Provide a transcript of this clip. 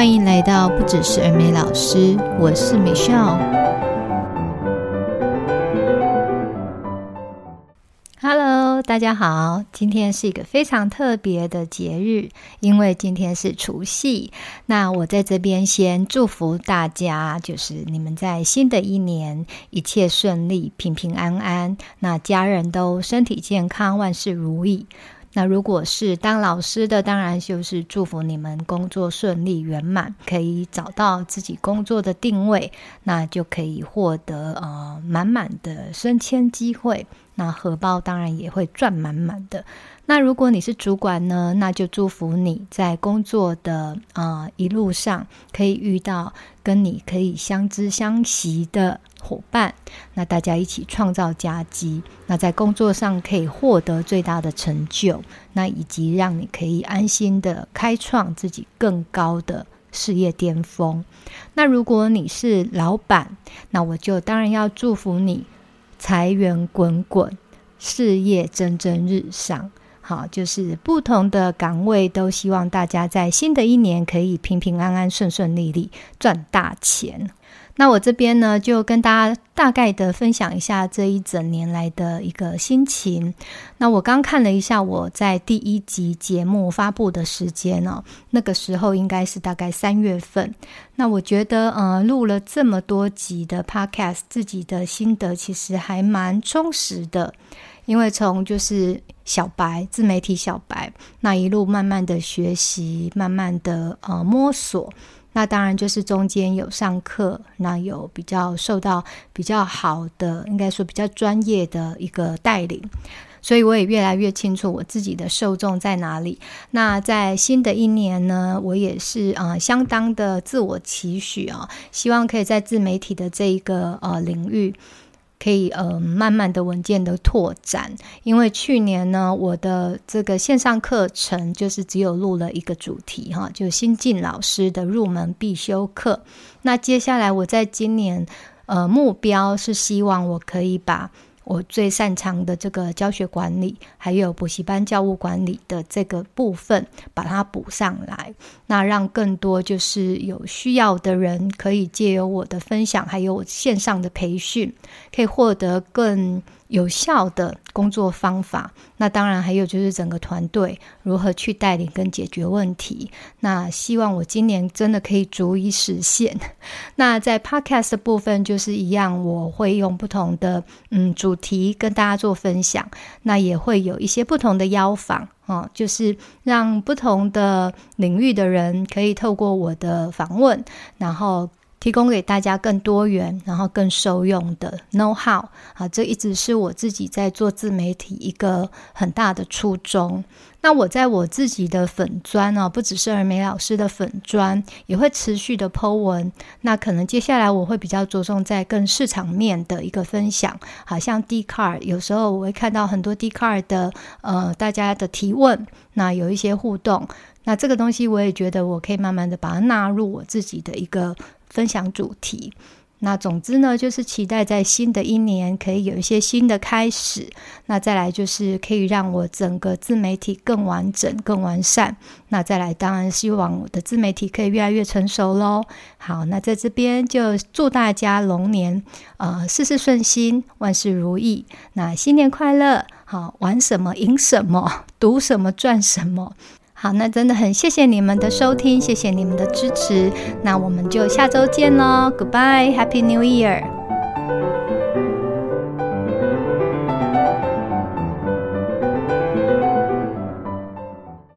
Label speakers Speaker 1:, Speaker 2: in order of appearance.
Speaker 1: 歡迎來到不只是兒美老師，我是 Michelle。Hello，大家好，今天是一個非常特別的節日，因為今天是除夕。那我在這邊先祝福大家，就是你們在新的一年一切順利，平平安安，那家人都身體健康，萬事如意。那如果是當老師的，當然就是祝福你們工作順利圓滿，可以找到自己工作的定位，那就可以獲得呃滿滿的升遷機會，那荷包當然也會賺滿滿的。那如果你是主管呢，那就祝福你在工作的呃一路上可以遇到跟你可以相知相惜的。夥伴，那大家一起創造佳績，那在工作上可以獲得最大的成就，那以及讓你可以安心的開創自己更高的事業巔峰。那如果你是老闆，那我就當然要祝福你財源滾滾，事業蒸蒸日上。好，就是不同的崗位都希望大家在新的一年可以平平安安、順順利利、賺大錢。那我這邊呢，就跟大家大概的分享一下這一整年來的一個心情。那我剛看了一下我在第一集節目發布的時間哦，那個時候應該是大概三月份。那我覺得，呃，錄了這麼多集的 Podcast，自己的心得其實還蠻充實的，因為從就是小白，自媒體小白那一路慢慢的學習，慢慢的呃摸索。那當然就是中間有上課，那有比較受到比較好的，應該說比較專業的一個帶領，所以我也越來越清楚我自己的受眾在哪裡。那在新的一年呢，我也是啊、呃，相當的自我期許啊、哦，希望可以在自媒體的這一個呃領域。可以呃，慢慢的穩健的拓展。因為去年呢，我的這個線上課程就是只有錄了一個主題，哈，就新進老師的入門必修課。那接下來我在今年，呃，目標是希望我可以把。我最擅長的這個教學管理，還有補習班教務管理的這個部分，把它補上來，那讓更多就是有需要的人，可以借由我的分享，還有我線上的培訓，可以獲得更。有效的工作方法，那當然還有就是整個團隊如何去帶領跟解決問題。那希望我今年真的可以逐一實現。那在 podcast 的部分就是一樣，我會用不同的嗯主題跟大家做分享，那也會有一些不同的邀訪啊、哦，就是讓不同的領域的人可以透過我的訪問，然後。提供給大家更多元，然後更受用的 know-how 啊，這一直是我自己在做自媒體一個很大的初衷。那我在我自己的粉專哦，不只是兒美老師的粉專，也會持續的 Po 文。那可能接下來我會比較着重在更市場面的一個分享，好像 D 卡，有時候我會看到很多 D 卡的呃大家的提問，那有一些互動，那這個東西我也覺得我可以慢慢的把它納入我自己的一個分享主題。那總之呢，就是期待在新的一年可以有一些新的開始。那再來就是可以讓我整個自媒體更完整、更完善。那再來當然希望我的自媒體可以越來越成熟嘍。好，那在這邊就祝大家龍年，呃，事事順心，萬事如意。那新年快樂！好，玩什麼贏什麼，賭什麼賺什麼。好，那真的很謝謝你們的收聽，謝謝你們的支持，那我們就下周見嘍，Goodbye，Happy New Year！